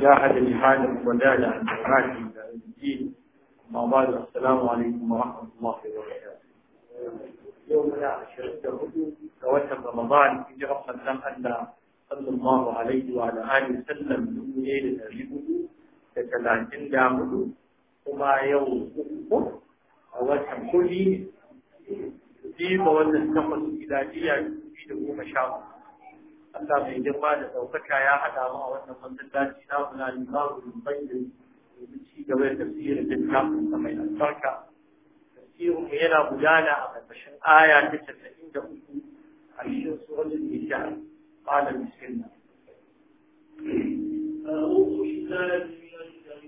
جاهد لهذا ودال عن جهاده الى الدين اما بعد السلام عليكم ورحمه الله وبركاته. يوم عشرين هدوء رمضان في جرف الله أن صلى الله عليه وعلى آله وسلم من ليل الهدوء تتلاتين جامد وما يوم أوتهم كلي في بوالنسخة الى في دقوم شعبه Allah mai girma da ɗaukaka ya haɗa mu a wannan masallaci na kuna yin babu rubayin domin ci gaba da tafsirin littafin sa mai albarka. Tafsirin mu yana gudana a ƙarƙashin aya ta casa'in da uku a cikin suratul Nisa. Qala bismillah. أعوذ بالله من الشيطان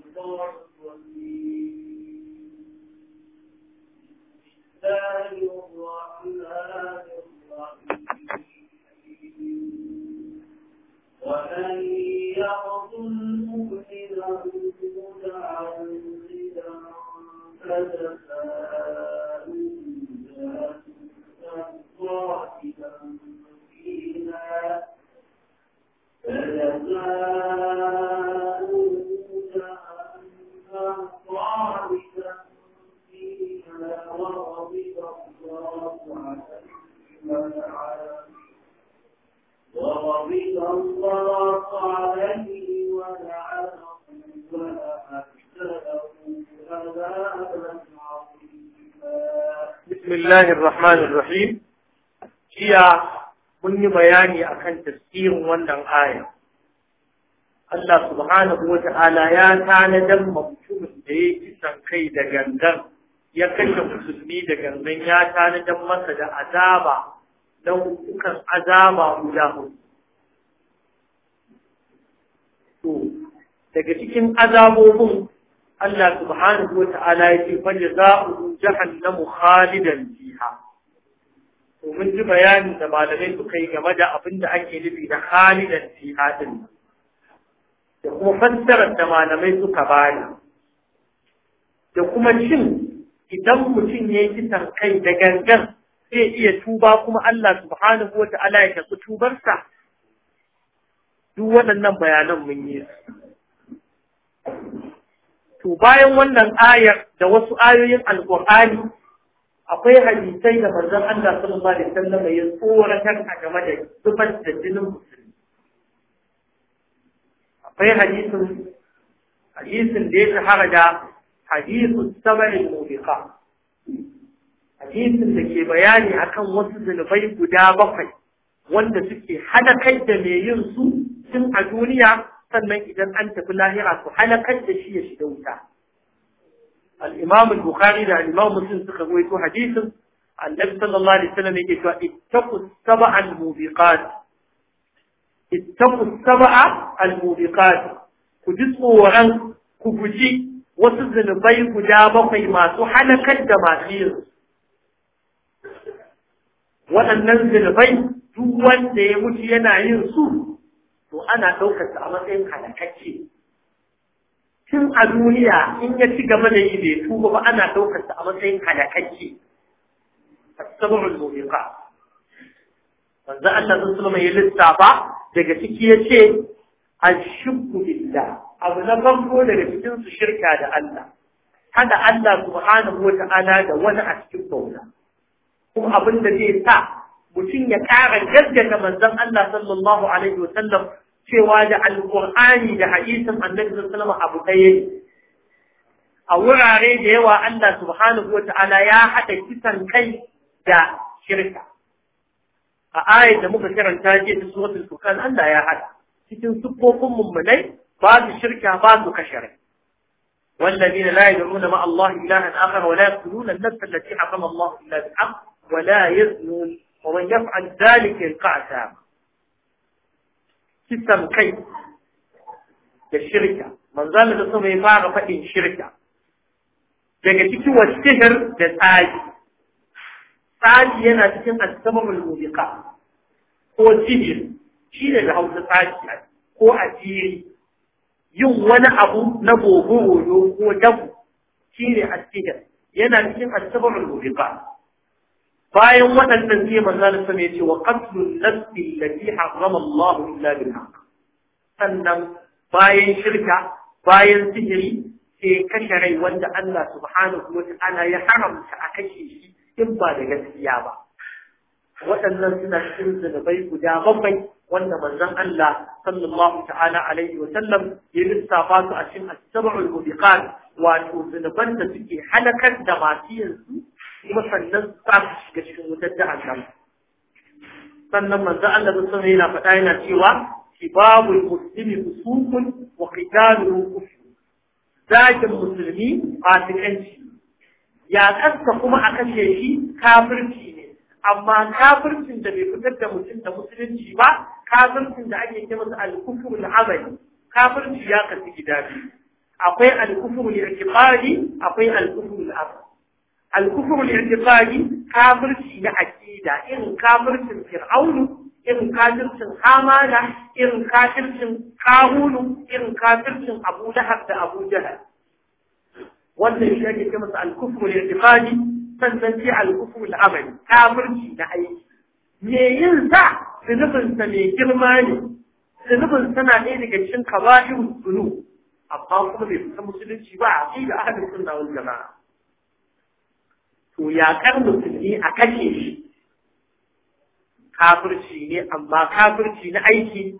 بسم الله الرحمن ومن يقتل مؤمنا متعمدا فجزاء قاتلا فيها فجزاء جهنم خالدا فيها وغضب الله عليه ولعنه وغضب الله عليه ولعنهم وأعتدهم عذابا بسم الله الرحمن الرحيم jiya mun yi bayani akan tafsirin wannan aya Allah subhanahu wa ta'ala ya tanadar mutumin da ya kisan kai da gangan ya kashe musulmi da gangan ya tanadar masa da azaba kukan azama guda hudu. To, daga cikin azabobin Allah subhanahu wa ta'ala ya ce fa jaza'u jahannamu khalidan fiha. To mun ji bayanin da malamai suka yi game da abin da ake nufi da khalidan fiha din. Da kuma fassarar da malamai suka bada. Da kuma shin idan mutum ya yi kisan kai da gangan zai iya tuba kuma Allah subhanahu wa ta'ala ya tafi tubarsa duk waɗannan bayanan mun yi to bayan wannan ayar da wasu ayoyin alkur'ani akwai hadisai da manzon Allah sallallahu alaihi wasallam ya tsora a game da zubar da jinin musulmi akwai hadisin hadisin da ya shahara da hadisin sama'il mubiqa hadisin da ke bayani akan wasu zunubai guda bakwai wanda suke halakar da mai yin su tun a duniya sannan idan an tafi lahira su kai da shi ya shiga wuta al-imam al-bukhari da al-imam muslim suka rawaito hadisin annabi sallallahu alaihi wasallam yake cewa ittaqu sab'a al-mubiqat ittaqu sab'a al-mubiqat ku ji tsoron ku guji wasu zinubai guda bakwai masu halakar da masu waɗannan zirbai duk wanda ya mutu yana yin su to ana ɗaukar a matsayin halakacce tun a duniya in ya ci gaba da yi bai tuba ba ana ɗaukar a matsayin halakacce asabul mubiqa manzo Allah sun alaihi ya lissafa daga ciki ya yace ashirku billah abu na farko daga cikin su shirka da Allah kada Allah subhanahu wa ta'ala da wani a cikin bauta kuma abin da zai sa mutum ya ƙara gaskata manzon Allah sallallahu alaihi wasallam cewa da alƙur'ani da hadisin annabi sallallahu abu ɗaya ne a wurare da yawa Allah subhanahu wata'ala ya haɗa kisan kai da shirka a ayat da muka karanta jiya ta suratul furqan Allah ya haɗa cikin sukkokin mummunai babu shirka babu kashare والذين لا يدعون مع الله إلها آخر ولا يقتلون النفس التي حرم الله إلا بالحق ولا يزنون ومن يفعل ذلك يلقى عذابا kisan kai da shirka manzan da su mai fara faɗin shirka daga cikin wasihir da tsari tsari yana cikin al-samamul ko sihir shi ne da hausa tsari ko asiri yin wani abu na gogoro ko dabu shi ne asihir yana cikin al-samamul bayan waɗannan sai manzo Allah sama yace wa qatlun nafsi allati harrama Allah illa bil haqq sannan bayan shirka bayan sihiri sai kashe rai wanda Allah subhanahu wa ta'ala ya haramta a kashe shi in ba da gaskiya ba waɗannan suna cikin zunubai guda bakwai wanda manzon Allah sallallahu ta'ala alaihi wa sallam ya lissafa su a cikin as-sab'ul mubiqat wato zunuban da suke halakar da masu su kuma sannan za ga cikin wutar da jahannama sannan manzo Allah sun sallallahu yana faɗa yana cewa kibabul muslimi usukun wa qitaluhu kufr zakin musulmi fasikanci ya kasta kuma a kashe shi kafirci ne amma kafircin da bai fitar da mutum da musulunci ba kafircin da ake kira masa al al azali kafirci ya kasu gida akwai al al i'tiqadi akwai al al azali الكفر الاعتقادي كافر شيء عقيدة إن كافر فرعون إن Hamada, in إن كافر قارون إن كافر أبو لهب أبو جهل wannan shi ake kama sa al sannan sai al-kufru kafirci na aiki me yin sa zunubin sa mai girma ne zunubin na ɗaya daga cikin kaba'irus zunub amma kuma bai fita musulunci ba a cikin ahlus sunna wal jama'a to yaƙar musulmi a kashe shi kafirci ne amma kafirci na aiki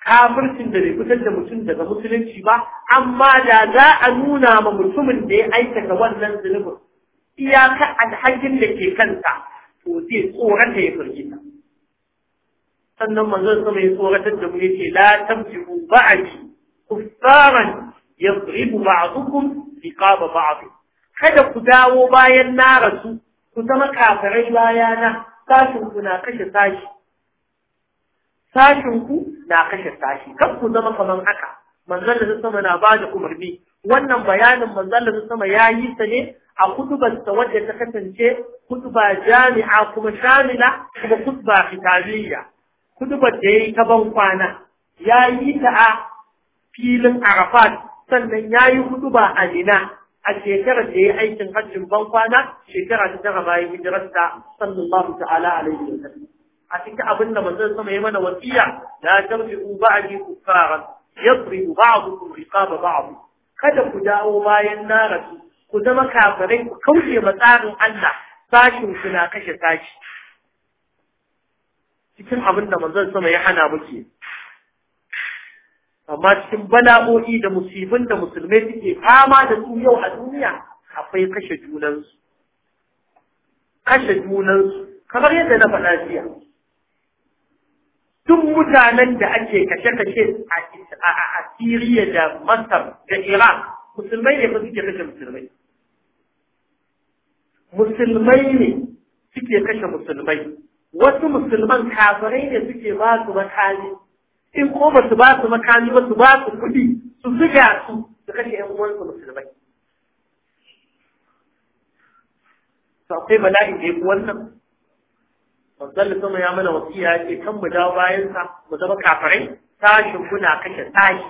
kafircin da bai fitar da mutum daga musulunci ba amma da za a nuna ma mutumin da ya aikata wannan zunubin iyaka alhakin da ke kansa to zai tsorata ya firgita sannan manzon sama ya tsoratar da mu yake la tamtiku ba'di kuffaran yadribu ba'dukum liqaba ba'd kada ku dawo bayan na rasu ku zama kafirai bayana sashin ku na kashe sashi sashin ku na kashe sashi kan ku zama kaman haka manzon da sama na ba da umarni wannan bayanin manzon da sama ya yi sa ne a kutubarsa wadda ta kasance kutuba jami'a kuma shamila kuma kutuba fitaliya kutubar da ya yi ta ban kwana ya yi ta a filin arafat sannan ya yi kutuba a mina a shekarar da ya aikin hajjin ban kwana shekara ta tara bayan hijirarsa sallallahu ta'ala alaihi wa sallam a cikin abin da manzon sama ya mana wasiya la tarji'u ba'di kuffaran yadribu ba'dukum riqaba ba'd kada ku dawo bayan na rasu ku zama kafirai ku kauce tsarin Allah sashin ku na kashe sashi cikin abin da manzon sama ya hana muke amma cikin bala'o'i da musibin da musulmai suke fama da su yau a duniya akwai kashe junansu kashe junansu kamar yadda na faɗa jiya duk mutanen da ake kashe-kashe a Asiriya da Masar da Iraq musulmai ne fa suke kashe musulmai musulmai ne suke kashe musulmai wasu musulman kafirai ne suke ba su makami in ko ba su ba su makami ba su ba su kuɗi su zuga su su kashe ‘yan uwansu musulmai. To akwai bala'in da ya fi wannan. da sama ya mana wasiya ya ce kan mu dawo bayan sa mu zama kafirai sashin muna kashe sashi.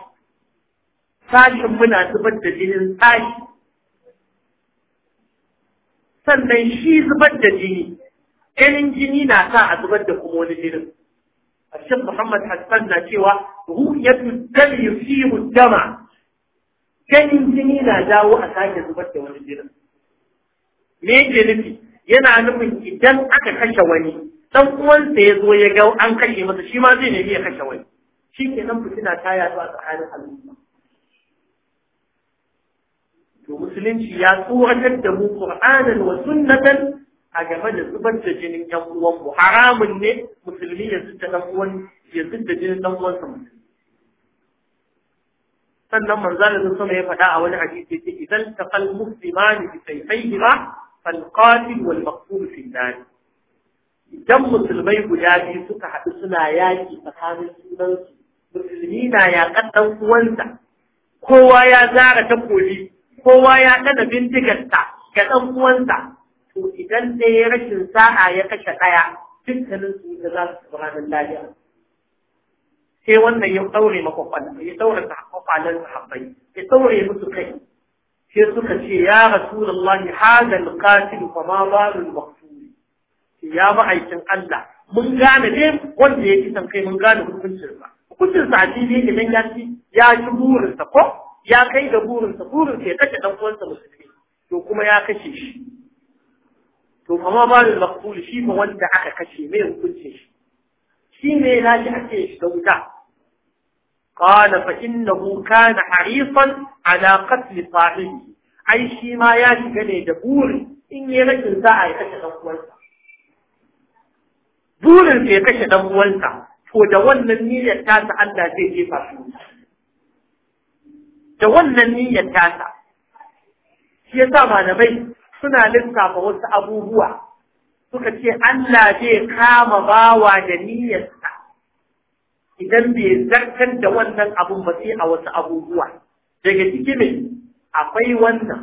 Sashen muna zubar da jinin sashi. Sannan shi zubar da jini, Ganin jini na sa a zubar da kuma wani jinin. الشيخ محمد حسان na cewa ru'yatu dami yusiru dama ganin jini na dawo a sake zubar da wani jinin me yake nufi yana nufin idan aka kashe wani dan uwansa ya zo ya ga an kashe masa shi ma zai nemi ya kashe wani shi ke nan fitina ta a tsakanin al'umma to musulunci ya tsoratar da mu qur'anan wa sunnatan a game da zubar da jinin ɗan uwan mu haramun ne musulmi ya zubar ɗan uwan ya zuba jinin ɗan uwan sa sannan manzo da sama ya faɗa a wani hadisi yake idan taqal musliman bi sayfayhima fal qatil wal maqtul fi nar idan musulmai guda biyu suka haɗu suna yaƙi tsakanin sunansu musulmi na yaƙar ɗan uwansa kowa ya zara takobi kowa ya ɗana bindigarsa ga ɗan uwansa to idan ya rashin sa'a ya kashe ɗaya dukkanin su da za su tafi ranar lafiya sai wannan ya ɗaure makwakwalan ya ɗaure kwakwalan sahabbai ya ɗaure musu kai sai suka ce ya rasulullah hadal qatil fa ma balul maqtul ya ma'aikin Allah mun gane ne wanda ya kisan kai mun gane hukuncin sa hukuncin sa addini idan ya ci ya ci burinsa ko ya kai da burinsa burinsa ya kashe ɗan uwansa musulmi to kuma ya kashe shi to amma malul maqtul shi ne wanda aka kashe mai hukuncin shi shi ne ji ake shi da wuta qala fa innahu kana harisan ala qatl sahibi ai shi ma ya shiga ne da buri in yi rashin za a yi kashe dan uwansa burin ya kashe dan uwansa to da wannan niyyar tasa Allah zai jefa shi da wannan niyyar tasa shi yasa malamai suna lissafa wasu abubuwa suka ce Allah zai kama bawa da niyyarsa idan bai zartar da wannan abun ba sai a wasu abubuwa daga ciki mai akwai wannan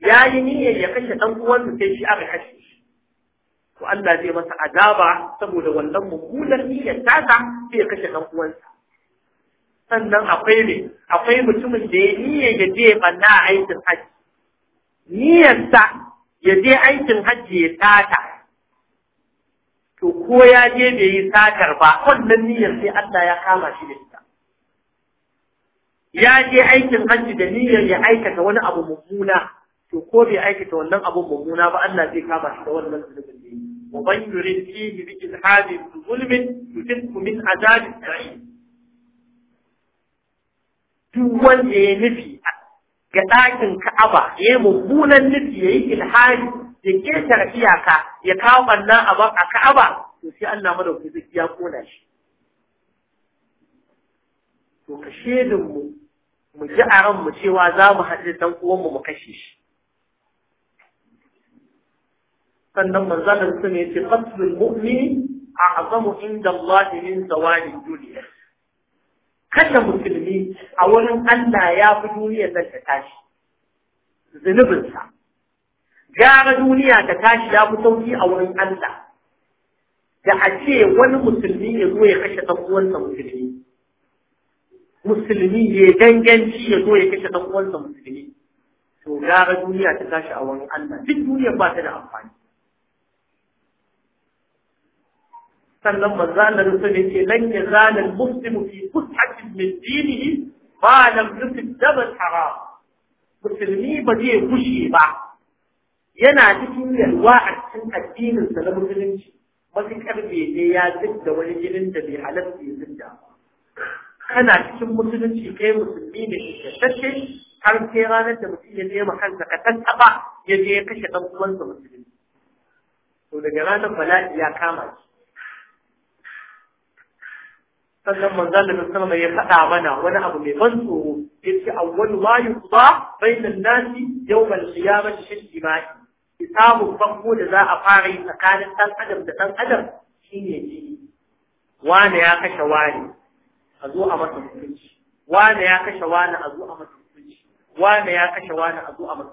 ya yi niyyar ya kashe ɗan uwansa sai shi aka kashe shi to Allah zai masa azaba saboda wannan mummunar niyyar tasa sai ya kashe ɗan uwansa sannan akwai ne akwai mutumin da ya niyyar ya je banna a aikin hajji niyyarsa ya je aikin hajji ya tata to ko ya je bai yi satar ba wannan niyyar sai Allah ya kama shi da ita ya je aikin hajji da niyyar ya aikata wani abu mummuna to ko bai aikata wannan abu mummuna ba Allah zai kama shi da wannan zulubin da yi wa man yurid fihi bi ilhadin zulmin yusibku azabin sa'id duk wanda ya nufi ga ɗakin Ka'aba ya yi mummunan nufi ya yi ilhari ya ƙetare iyaka ya kawo ɓanna a a Ka'aba to sai Allah madauki zai ya kona shi. To ka mu mu ji a ranmu cewa za mu haɗe ɗan uwanmu mu kashe shi. Sannan manzalar su ne ce fatul mu'mini a azamu inda Allah min zawalin duniya. kada musulmi a wurin Allah ya fi duniya nan ta tashi zunubinsa gara duniya ta tashi ya fi sauki a wurin Allah da a ce wani musulmi ya zo ya kashe ɗan uwansa musulmi musulmi ya danganci ya zo ya kashe ɗan uwansa musulmi to gara duniya ta tashi a wurin Allah duk duniya ba ta da amfani sannan manzo Allah rusul yace lan yazal al muslimu fi fushatin min dinihi ma lam yusib dam musulmi ba zai gushe ba yana cikin yalwa a cikin addininsa na musulunci matuƙar bai ne ya da wani jinin da bai halatta ya zidda kana cikin musulunci kai musulmi ne tattashe har sai ranar da mutum ya nema ma kansa ka tattaba ya je ya kashe ɗan uwansa musulmi to daga ranar bala'i ya kama shi sannan manzan da sallama ya faɗa mana wani abu mai ban tsoro a wani mayu ba, bai nan nasi yawm al-qiyamati shi jima'i kitabun farko da za a fara yi tsakanin ɗan adam da ɗan adam shine ji wane ya kashe wane a zo a masa hukunci ya kashe wani a zo a masa hukunci wani ya kashe a zo a masa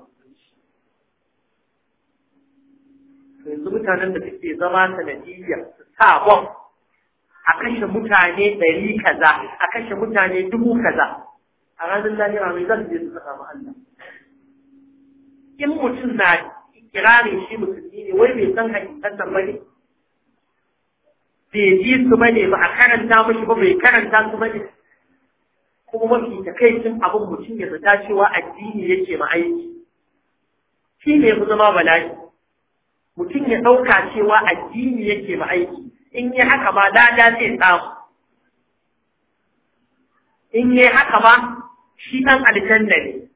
yanzu mutanen da suke zama sanadiyya su sa bomb a kashe mutane ɗari kaza a kashe mutane dubu kaza a ranar lahira mai zan je su faɗa ma Allah in mutum na kirarin shi musulmi ne wai mai san hakikatan ba ne bai ji su ba ne ba a karanta mashi ba bai karanta su ba ne kuma mafi takaicin abin mutum ya zata cewa addini yake ma aiki shi ne ku zama bala'i mutum ya ɗauka cewa addini yake ma aiki in yi haka ba lada zai samu in yi haka ba shi ɗan aljanna ne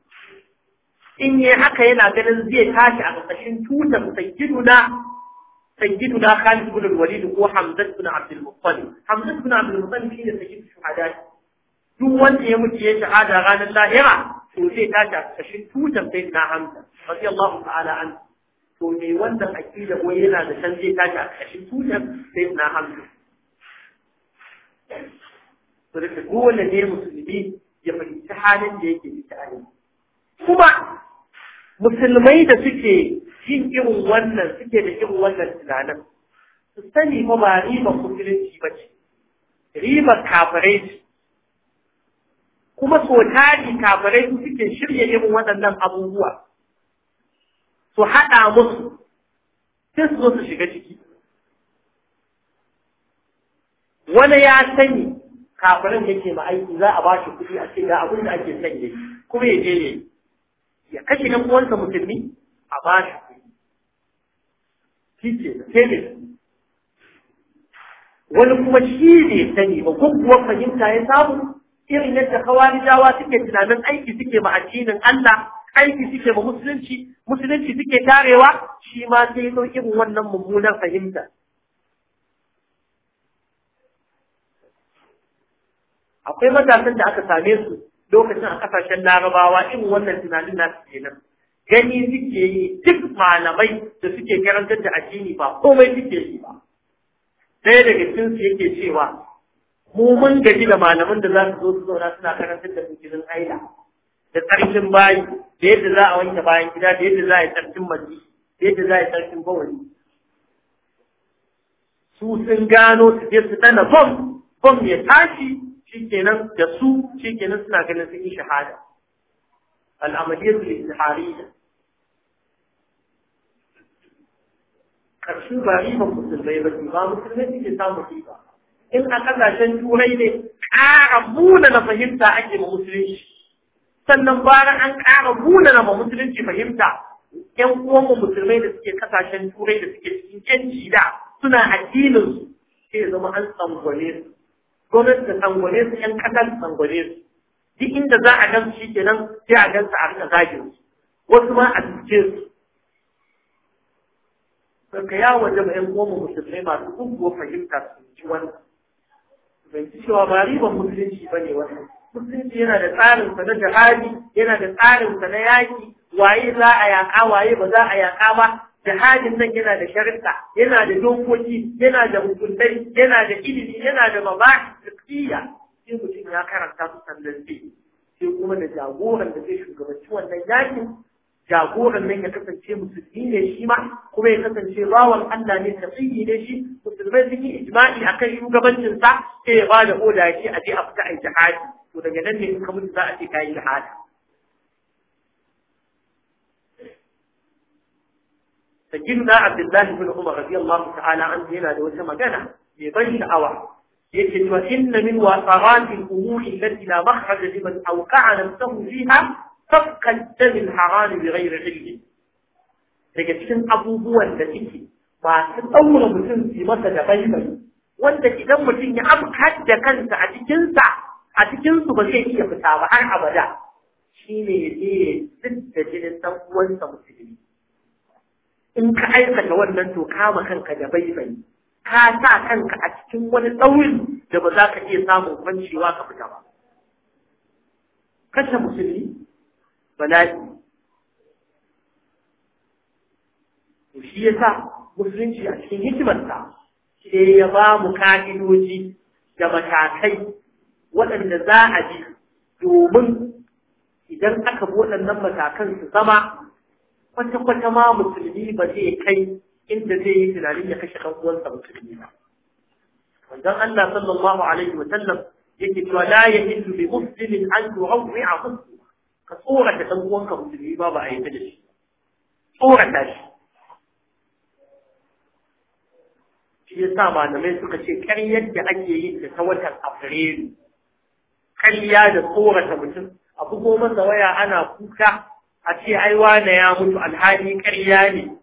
in yi haka yana ganin zai tashi a ƙarƙashin tutar na na سيدنا خالد بن الوليد هو حمزة بن عبد المطلب حمزة بن عبد المطلب شيء سيد الشهداء duk wanda ya mutu ya shahada ranar lahira to zai tashi a kashin tutan sai na hamza radiyallahu ta'ala an to me wannan aƙida ko yana da san zai tashi a tunan, sai na hamdu to da dole ne musulmi ya fahimci halin da yake ciki a kuma musulmai da suke yin irin wannan suke da irin wannan tunanin su sani ma ba riba musulunci ba ce riba kafirai ce kuma so tari kafirai su suke shirya irin waɗannan abubuwa su haɗa musu sai su zo su shiga ciki wani ya sani kafirin yake ma aiki za a bashi kuɗi a ce ga abin da ake son yi kuma ya je ne ya kashe ɗan uwansa musulmi a bashi kuɗi shi ke sai ne wani kuma shi ne sani ba ko kuwa fahimta ya samu irin yadda kawalijawa suke tunanin aiki suke ma addinin Allah aiki suke ba musulunci musulunci suke tarewa shi ma sai zo irin wannan mummunar fahimta akwai matasan da aka same su lokacin a kasashen larabawa irin wannan tunanin nasu kenan gani suke yi duk malamai da suke karantar da addini ba komai suke yi ba ɗaya daga cikin su yake cewa mu mun gaji da malaman da za su zo su zauna suna karantar da su aila da tsarkin bayi da yadda za a wanke bayan gida da yadda za a yi tsarkin maji da yadda za a yi tsarkin bawani su sun gano su je su dana bom bom ya tashi shikenan da su shikenan suna ganin sun yi shahada hari da. ƙarshen ba riban musulmai ba ba musulmai suke samun riba in a ƙasashen turai ne ƙara muna na fahimta ake ma musulunci sannan bara an ƙara munana ma musulunci fahimta ƴan uwanmu musulmai da suke kasashen turai da suke cikin ƴanci da suna addinin su sai zama an tsangwane su gwamnati da tsangwane su ƴan ƙasar tsangwane su duk inda za a gansu shi kenan sai a gansu a rika zagin su wasu ma a cuce su ka ya waje ma ƴan uwanmu musulmai masu guguwar fahimta su ji wannan bai ci cewa ba riban musulunci ba ne wannan musulunci yana da tsarin sa na jihadi yana da tsarin sa na yaki waye za a yaƙa waye ba za a yaƙa ba jihadin nan yana da sharinta yana da dokoki yana da hukuntai yana da ilimi yana da mabahiya sai mutum ya karanta su sannan sai sai kuma da jagoran da zai shugabanci wannan yaki jagoran nan ya kasance musulmi ne shi ma kuma ya kasance bawan Allah ne tafiyi ne shi musulmai sun yi ijma'i akan shugabancinsa sai ya ba da oda a je a fita a jihadi وتجدد من قبل بأس كاي الحال سجلنا عبد الله بن عمر رضي الله تعالى عنه هنا لو سمجنا بضيل أوى يجد وإن من وطرات الأمور التي لا مخرج لمن أوقع نفسه فيها تبقى الدم الحرام بغير علم لكن أبو هو الذي وأن أمر مسلم في مسجد بيتا وأن تجد مسلم أبقى حتى كان سعد جنسا a cikin su ba zai iya fita ba har abada shi ya je duk da jinin dan uwansa musulmi in ka aikata wannan to kama kanka da baibayi ka sa kanka a cikin wani ɗaurin da ba za ka iya samun kwancewa ka fita ba kashe musulmi bala'i to shi yasa musulunci a cikin hikimarsa sai ya ba mu ka'idoji da matakai waɗanda za a ji domin idan aka bi waɗannan matakan su zama kwata-kwata ma musulmi ba zai kai inda zai yi tunani ya kashe kankuwansa musulmi ba. Wanzan Allah sallallahu alaihi wa sallam yake cewa la ya hindu bi musulmin an tu'awwi a musu ka tsorata ɗan uwanka musulmi ba ba a yi da shi. Tsorata shi. Shi ya sa malamai suka ce ƙaryar da ake yin ta ta watan Afrilu kalliya da tsorata mutum a bugo masa waya ana kuka a ce ai wane ya mutu alhali ƙarya ne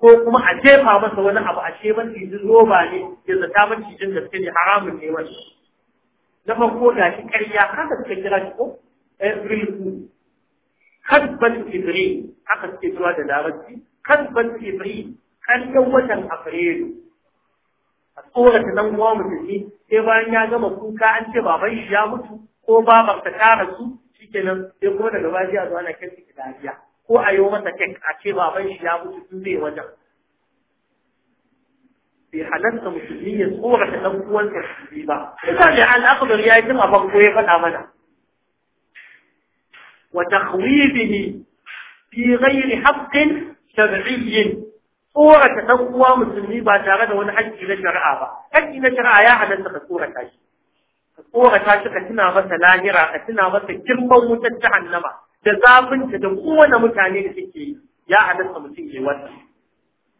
ko kuma a jefa masa wani abu a ce ban tijin roba ne ya zata ban tijin da ne haramun ne wani na farko da shi ƙarya haka suka kira shi ko every food kadban ibri haka suke zuwa da larabci kadban kan ƙaryar watan afrilu a tsorata nan uwa musulmi sai bayan ya gama kuka an ce baban shi ya mutu ko baban ta ta rasu shikenan sai kuma daga baya sai a na ana da dariya ko a yi masa kek a ce baban shi ya mutu tun zai wajen bai halatta musulmi ya tsorata ɗan ta musulmi ba ita ne an akbar ya yi jin a farko ya faɗa mana wa takhwibihi fi ghairi haƙƙin shar'iyyin tsorata ɗan uwa musulmi ba tare da wani haƙƙi na shari'a ba haƙƙi na shari'a ya halatta ka tsorata shi ka tsorata shi ka tuna masa lahira ka tuna masa girman wutar jahannama da zafin ta da kowane mutane da suke yi ya halatta mutum ya wannan.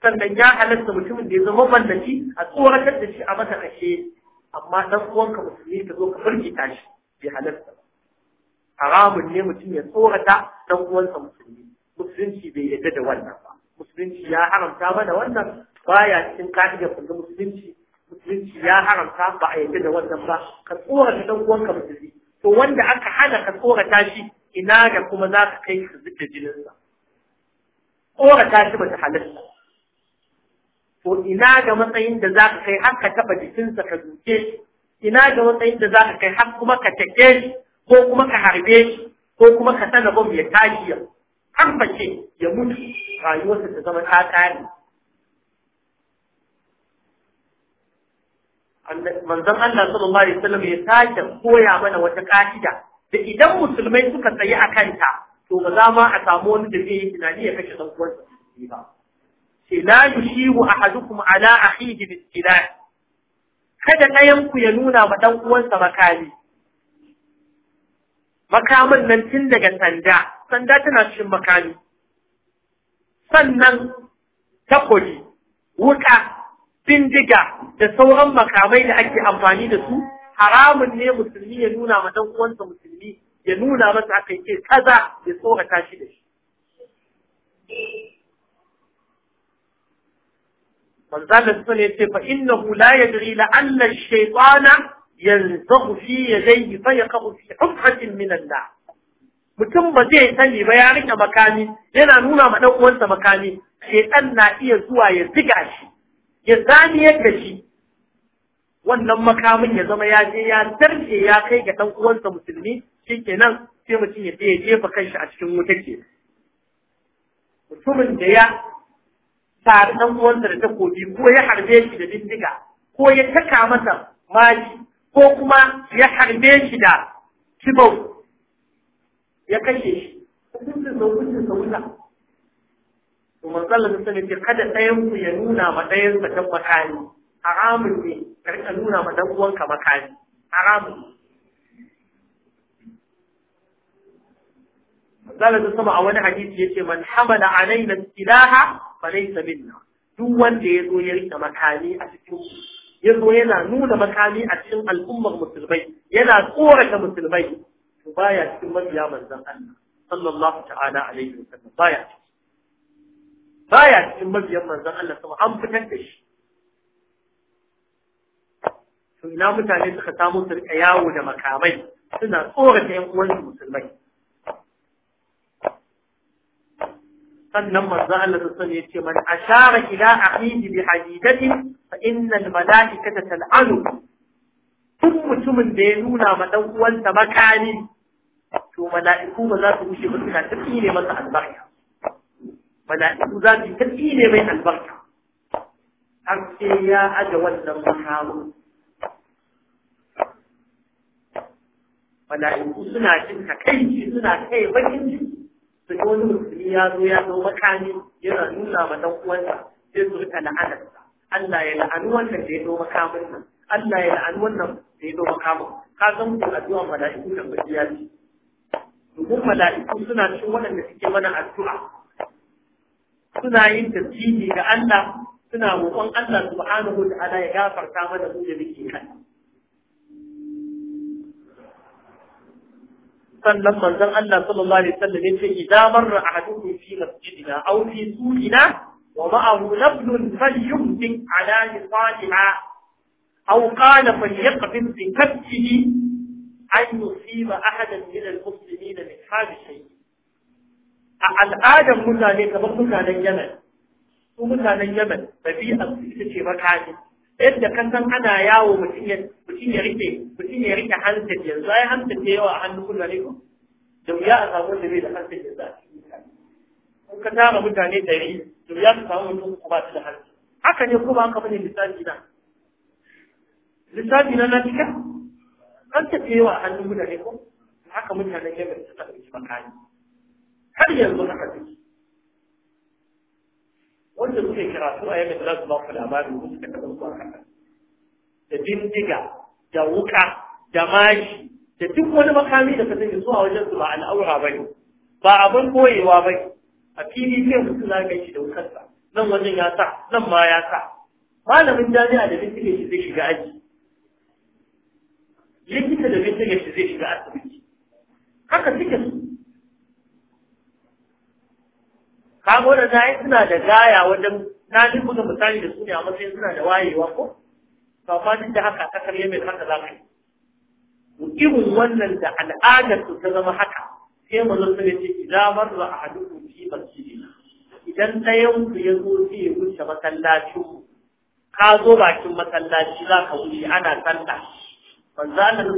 sannan ya halatta mutumin da ya zama maballaci a tsoratar da shi a masa ƙashe amma ɗan uwanka musulmi ka zo ka firgita shi bai halatta haramun ne mutum ya tsorata ɗan uwansa musulmi musulunci bai yadda da wannan ba musulunci ya haramta mana wannan baya cikin ka'idar kunga musulunci musulunci ya haramta ba a yadda da wannan ba ka tsorata dan ka musulmi to wanda aka hana ka tsorata shi ina da kuma za ka kai ka zubda jininsa tsorata shi ba ta halatta to ina da matsayin da za ka kai har ka taɓa jikinsa ka duke ina da matsayin da za ka kai har kuma ka take shi ko kuma ka harbe shi ko kuma ka sana bom ya tashi yau tabbace ya mutu rayuwarsa ta zama ta ƙare manzon Allah sallallahu alaihi wasallam ya sake koya mana wata ƙa'ida da idan musulmai suka tsaye a kanta to ba za ma a samu wani da zai yi tunani ya kashe dan uwansa ba sai la yushibu ahadukum ala akhihi bisilah kada ɗayan ku ya nuna ma ɗan uwansa makami makamin nan tun daga sanda sanda tana cikin makami sannan takwari wuka bindiga da sauran makamai da ake amfani da su haramun ne musulmi ya nuna ma dan uwansa musulmi ya nuna masa aka yi kaza ya tsorata shi da shi manzala da ya ce fa innahu la yadri la anna ash-shaytana yanzahu fi yadayhi fa yaqahu fi hufatin min Allah mutum ba zai sani ba ya rike makami yana nuna ma dan uwansa makami shedan na iya zuwa ya ziga shi ya zani da shi wannan makamin ya zama ya je ya tarke ya kai ga dan uwansa musulmi nan sai mutum ya je jefa kanshi a cikin wuta ke mutumin da ya tare dan uwansa da takobi ko ya harbe shi da bindiga ko ya taka masa maji ko kuma ya harbe shi da kibau ya kashe shi hukuncin sa hukuncin sa wuta to manzo Allah ta kada ɗayan ku ya nuna ma ɗayan sa makani haramun ne ka rika nuna ma dan uwanka makani haramun Zala da sama a wani hadisi ya ce, man hamala alaina silaha fa laysa minna duk wanda ya zo ya rika makani a cikin ya zo yana nuna makami a cikin al'ummar musulmai yana tsorata musulmai to baya cikin mabiya manzon Allah sallallahu ta'ala alaihi wasallam baya baya cikin mabiyan manzon Allah sama an fitar da shi to ina mutane suka samu su rika yawo da makamai suna tsorata yan uwan musulmai sannan manzon Allah ta sani yace man ashara ila aqihi bi hadidatin fa innal malaikata tal'anu duk mutumin da ya nuna ma dan uwansa makami to mala'iku ba za su wuce ba suna tafi ne masa albarka mala'iku za su tafi ne mai albarka har sai ya aje wannan maharu mala'iku suna jin shi suna kai bakin shi, su ga wani musulmi ya zo ya zo makami yana nuna ma dan uwansa sai su rika la'anarsa Allah ya la'ani wannan da ya zo makamin nan Allah ya la'ani wannan da ya zo makamin ka san ku addu'a mala'iku da gaskiya ce domin mala'iku suna cikin waɗanda suke mana addu'a suna yin tasbihi ga Allah suna roƙon Allah subhanahu wa ta'ala ya gafarta mana mu da muke kai sannan manzon Allah sallallahu alaihi wasallam ya ce idan marra ahadukum fi masjidina aw fi suqina wa ma'ahu nablun falyumtik ala nisaiha aw qala falyaqbil bi kaffihi an yusiba ahadan min al المسلمين من هذا a al'adar mutane kamar mutanen yamen su mutanen yamen ɗabi'ar su ita ce makaji yadda kan san ana yawo mutum ya rike mutum ya rike hanset yanzu ai hanset da yawa a hannu kuna ne ko da wuya a samu da bai da hanset yanzu a cikin mutane kun ka tara mutane ɗari da wuya ka samu mutum ku ba su da hanset haka ne kuma aka bane lissafi na lissafi na na cika Hantar ta yawa a hannu kuna ne ko haka mutanen yamin suka ɗauki makami har yanzu haka suke wanda suke karatu a yamin za su ba ku labarin da suka taɓa zuwa haka da bindiga da wuka da mashi da duk wani makami da ka sani zuwa wajen su ba al'aura ba ne ba abin koyewa ba ne a fili sai mutum na ka shi da wukarsa nan wajen ya sa nan ma ya sa malamin jami'a da bindiga shi zai shiga aji likita da bindiga shi zai shiga asibiti haka suke su kago da zai suna da gaya wajen na ji buga misali da su ne a matsayin suna da wayewa ko to amma duk da haka ta karye mai haka za ka yi irin wannan da al'adar su ta zama haka sai mu zo sai ce idan hadu ku fi masjidina idan ɗayan ku ya zo sai ya wuce masallaci ka zo bakin masallaci za ka wuce ana sallah manzo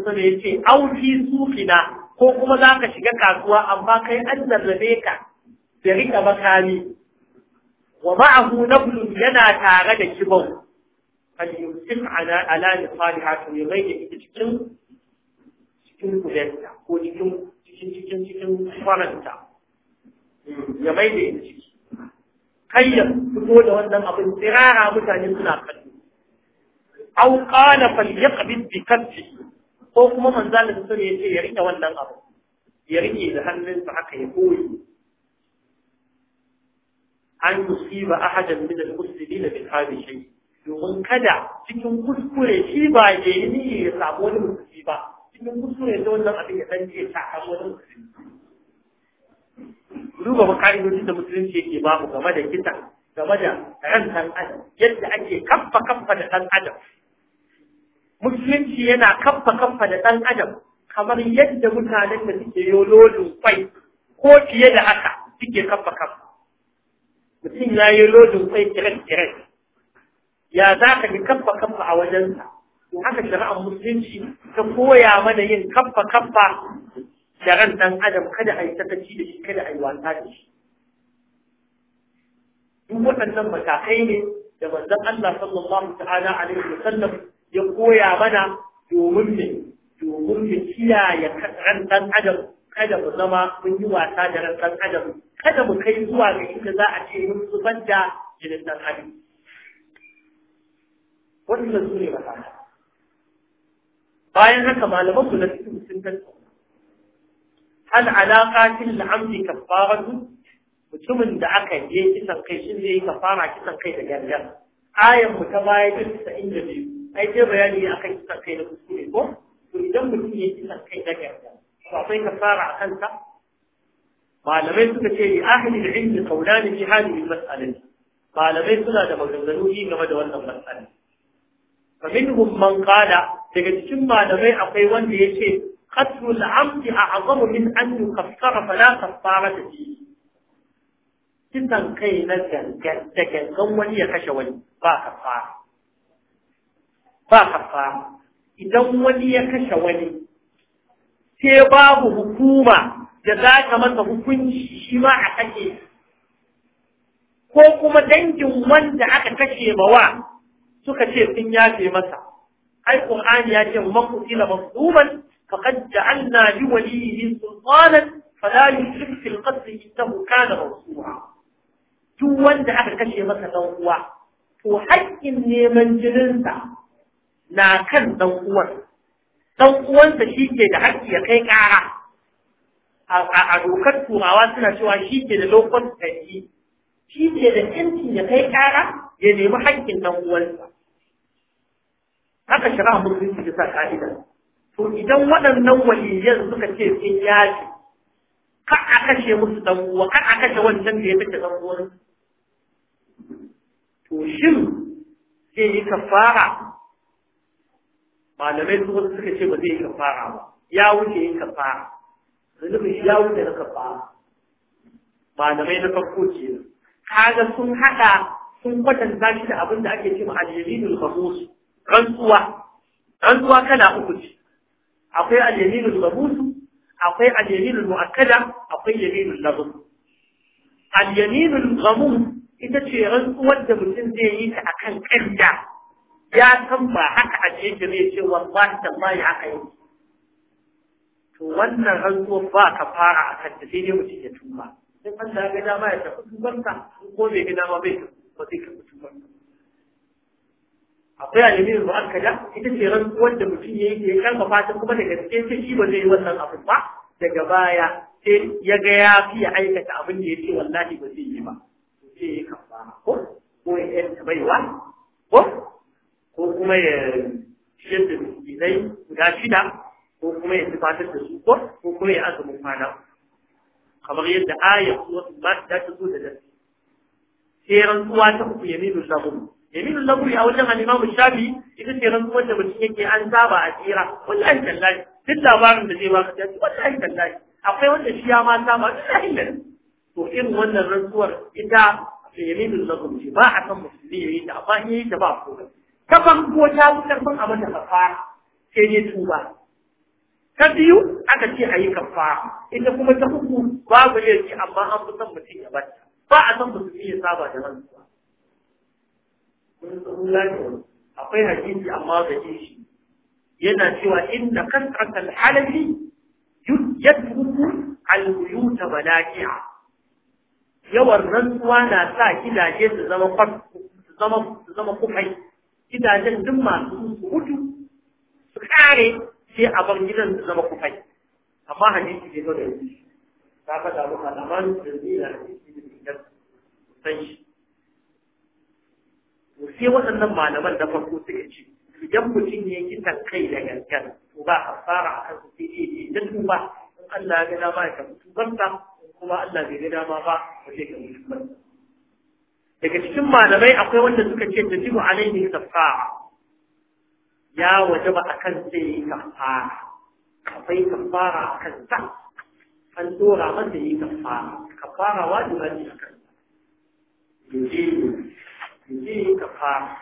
Allah sai ya ce au fi sufina ko kuma za ka shiga kasuwa amma kai an zarrabe ka da rika makami wa ma'ahu nablu yana tare da kibau kan yusuf ala ala nifali hatu ya mai cikin cikin kudenta ko cikin cikin cikin cikin kwananta ya mai da ciki kai ya fito da wannan abin tsirara mutane suna kallo au qala yaqbid bi kanfihi ko kuma manzo Allah sun ya ce ya rike wannan abu ya rinke da hannunsa haka ya koyi an musiba ahadan min al-muslimin bi hadi shay domin kada cikin kuskure shi ba ya yi ni ya samu wani musulmi ba cikin kuskure da wannan abin ya dan ya ta samu wani musulmi duba ba ka'idodin da musulunci yake babu game da kita game da ran ɗan adam yadda ake kaffa-kaffa da ɗan adam musulunci yana kamfa kamfa da ɗan adam kamar yadda mutanen da suke yololin kwai ko fiye da haka suke kamfa kamfa mutum ya yi lodin kwai kiran-kiran ya za ka yi kamfa kamfa a wajensa haka shari'ar musulunci ta koya mana yin kamfa kamfa da ran ɗan adam kada a yi sakaci da shi kada a yi wasa da shi duk waɗannan matakai ne da manzon Allah sallallahu ta'ala alaihi wa sallam ya koya mana domin me domin mu kiyaye ran dan adam kada mu zama mun yi wasa da ran dan adam kada mu kai zuwa ga inda za a ce mun zubar da jinin dan adam wannan su ne masana bayan haka malaman su na cikin sun tattauna hal alaqatin al'amdi kafaratu mutumin da aka je kisan kai shi zai ka kafara kisan kai da gangan ayan mu ta baya ta 92 ai sai bayani akan kisan kai da kuskure ko to idan mutum ya kisan kai da yarda to akwai kasara a kansa malamai suka ce li ahli da ilm qawlan fi hadhihi al mas'alin. malamai suna da maganganu game da wannan mas'ala fa minhum man qala daga cikin malamai akwai wanda ya ce al-amd a'zamu min an yukaffara fala da fihi kisan kai na gangan da gangan wani ya kashe wani ba kaffara. ba hafa idan wani ya kashe wani sai babu hukuma da za ta masa hukunci shi ma a kashe ko kuma dangin wanda aka kashe mawa suka ce sun yafe masa ai qur'ani ya ce man qutila mazluman faqad ja'alna li waliyhi sultanan fala yushrik fil qatl innahu kana mawsuha duk wanda aka kashe masa dan uwa to haƙƙin neman jininsa na kan dan uwan dan uwansa shi ke da haƙƙi ya kai ƙara a dokar turawa suna cewa shi ke da lokon tafi shi ke da ƴanci ya kai ƙara ya nemi haƙƙin dan uwansa haka shara musulunci da sa ka'ida to idan waɗannan waliyan suka ce sun yaji kar a kashe musu dan uwa kar a kashe wancan da ya kashe dan uwansa to shin zai yi kafara malamai su wasu suka ce ba zai yi kafara ba ya wuce yin kafara zunubin ya wuce na kafara malamai na farko ce kaga sun hada sun kwatanta shi da abin da ake cewa al-yaminul khamus rantsuwa rantsuwa kana uku ce akwai al-yaminul khamus akwai al-yaminul muakkada akwai yaminul lazim al-yaminul khamus ita ce rantsuwar da mutum zai yi ta akan ƙarya ya san ba haka a ce zai ce wallahi tallahi haka yi to wannan rantsuwar ba ka fara a kanta sai dai mutum ya tuba sai Allah ya ga dama ya tafi ka ko bai ga dama bai ba zai tafi ka. akwai alimin ba aka da ita ce rantsuwar da mutum ya yi ya karfafa ta kuma da gaske sai shi ba zai yi wannan abu ba daga baya sai ya ga ya fi ya aikata abin da ya ce wallahi ba zai yi ba sai ya kafa ko ko ya yi baiwa ko ko kuma ya shirya miskinai guda shida ko kuma ya tufatar da su ko ko kuma ya azumin kwana kamar yadda aya wasu ba ta zo da dare sai rantsuwa ta uku yaminul lahu yaminul lahu a wajen al-imamu shafi ita ce rantsuwar da mutum yake an saba a tsira wallahi tallahi duk labarin da zai baka sai wallahi tallahi akwai wanda shi ya ma saba wallahi tallahi to irin wannan rantsuwar ita yaminul lahu ba a san musulmi yayi ta amma yayi ta ba komai ta ko ta wutar ban abin da ka fara sai dai tuba ta biyu aka ce a yi kafara ita kuma ta uku babu laifi amma an fi son mutum ya bata ba a san mutum ya saba da ba akwai hadisi amma ga shi yana cewa inda kasratal halafi yadruku al-buyut balaqi'a yawan rantsuwa na sa gidaje su zama kwaf su zama su gidajen duk masu su mutu su kare sai a bar gidan su zama kufai amma hadisi bai zo da yanzu ta faɗa muka da man da zira hadisi da gidan san shi to sai waɗannan malaman da farko suka ce idan mutum ya yi ta kai da gangan to ba a fara a kansu sai dai ne da tuba in Allah ya ga dama ya tafi kuma Allah bai ga dama ba ba zai ga mutum daga cikin malamai akwai wanda suka ce ta jibu alaihi kafara ya waje wajaba akan sai yi kafara akwai kafara akan sa an dora masa yi kafara kafara wajiba ne akan yaje yi kafara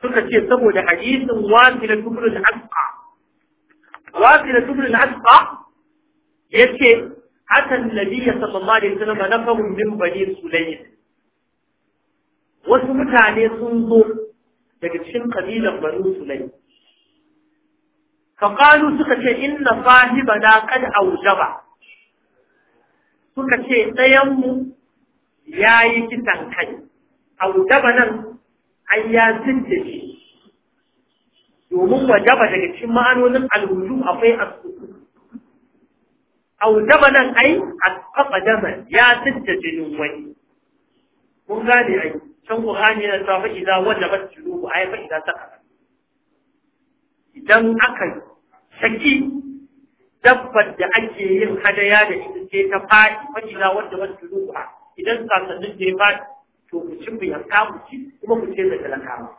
suka ce saboda hadisin wasila tubul al-asqa wasila tubul al-asqa yace hakan nabi sallallahu alaihi wasallam nafahu min bani sulaym wasu mutane sun zo daga cikin kabilan banu sulai faƙalu suka ce inna sahiba na kad aujaba suka ce ɗayanmu ya yi kisan kai aujaba nan an ya zinta shi domin wajaba daga cikin ma'anonin alwuju akwai A aujaba nan ai a kafa ya zinta jinin wani kun gane ai can Qur'ani yana cewa fa'iza ya faɗi za fa'iza saka idan aka saki dabbar da ake yin hadaya da ita ce ta ba su wajabat a idan sasannin da ya fa'i to ku ci mu yanka mu ci kuma ku ce da talakawa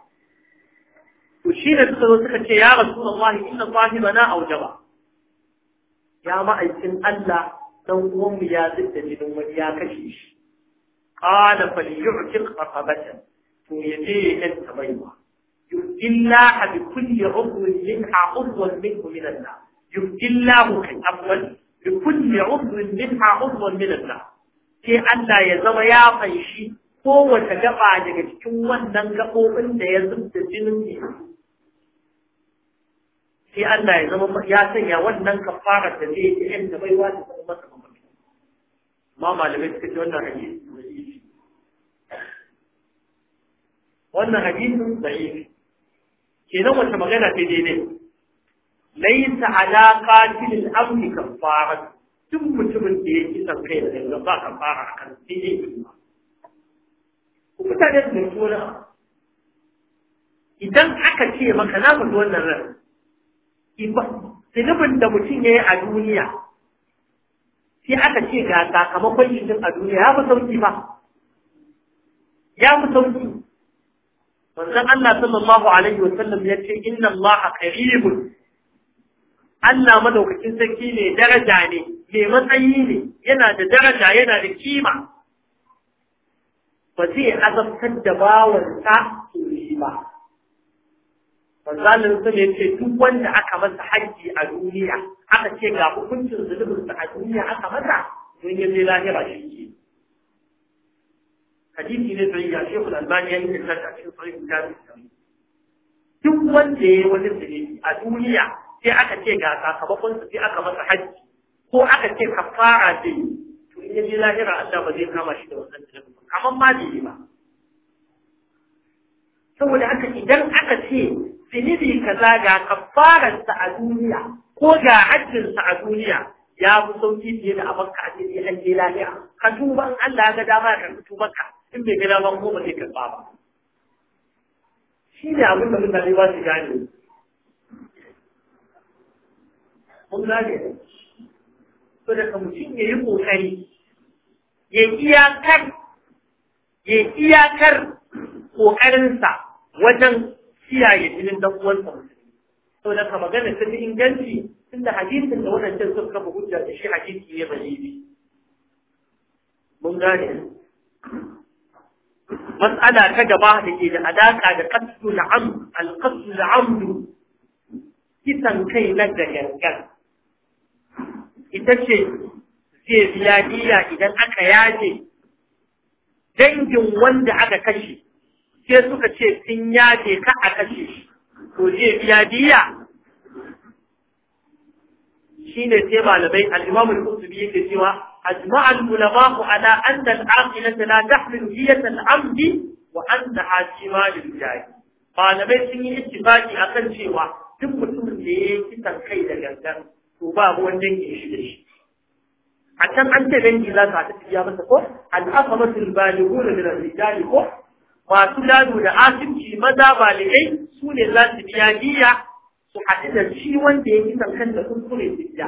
to shi da suka zo suka ce ya rasulullahi inna sahibana aujaba ya ma'aikin Allah dan uwan mu ya zidda jinin wani ya kashe shi قال فليعتق رقبة ويديه أنت بيضة يؤتي الله بكل عضو منها عضوا منه من النار يؤتي الله كي أفضل بكل عضو منها عضوا من النار كي ألا يزم يا فيشي هو تجمع لك تكون ننقو أنت يزم تجنني sai Allah ya zama ya sanya wannan kafara da zai yi inda baiwa ta zama masa ma malamai suka ce wannan hadisi wannan hadisin da'ifi kenan wata magana ta daidai laisa ala qatil al-amri kafara duk mutumin da ya san kai da ganga ba kafara kan sai dai kuma mutane su ne idan aka ce maka na mutu wannan ran zunubin da mutum yayi a duniya sai aka ce ga sakamakon yin a duniya ya fi sauki ba ya fi sauki manzon Allah sallallahu alaihi wasallam ya ce inna Allah karimun Allah madaukakin sarki ne daraja ne mai matsayi ne yana da daraja yana da kima ba zai azabtar da bawansa shi ba manzalin sun ne ce duk wanda aka masa haji a duniya aka ce ga hukuncin zulubinsa a duniya aka masa don ya je lahira shi ke hadisi ne sai ya ku albani ya yi da a cikin sahih jami'i duk wanda ya yi wani zulubi a duniya sai aka ce ga sakamakon su sai aka masa haji ko aka ce kafara ce to ya je lahira a ba zai kama shi da wannan zulubin amma ma bai yi ba saboda haka idan aka ce zunubi kaza ga sa a duniya ko ga sa a duniya ya fi sauki fiye da abin ka ajiye an je lafiya ka tuba in Allah ya ga dama ka karɓi tubarka in bai gina ban ko ba zai karɓa ba shi ne abin da mun ba su gane mun gane so daga mutum ya yi ƙoƙari ya iyakar ya iyakar ƙoƙarinsa wajen kiyaye jinin dan uwansa sau da ka magana ta inganci tunda hadisin da wannan can sun kafa hujja da shi hadisi ne balibi mun gane mas'ala ta gaba da ke da alaƙa da qasdul amd al qasdul kisan kai na da gangan ita ce zai biya idan aka yaje dangin wanda aka kashe sai suka ce sun yaje ka a kashe to je biya diya shine sai malamai al-Imam al-Qurtubi yake cewa ajma'a al-ulama ala anna al-aqila la tahmilu diyat al-amd wa anna hajima lil-jahi malamai sun yi ittifaqi akan cewa duk mutumin da ya kisan kai da gangan to ba ruwan dangin shi da shi a can an ce dangi za su haɗu biya masa ko al masu al-balighuna min ar-rijali ko masu gado da asibiti maza baligai su ne za su biya diya su haɗu da shi wanda ya yi kan da kuskure su biya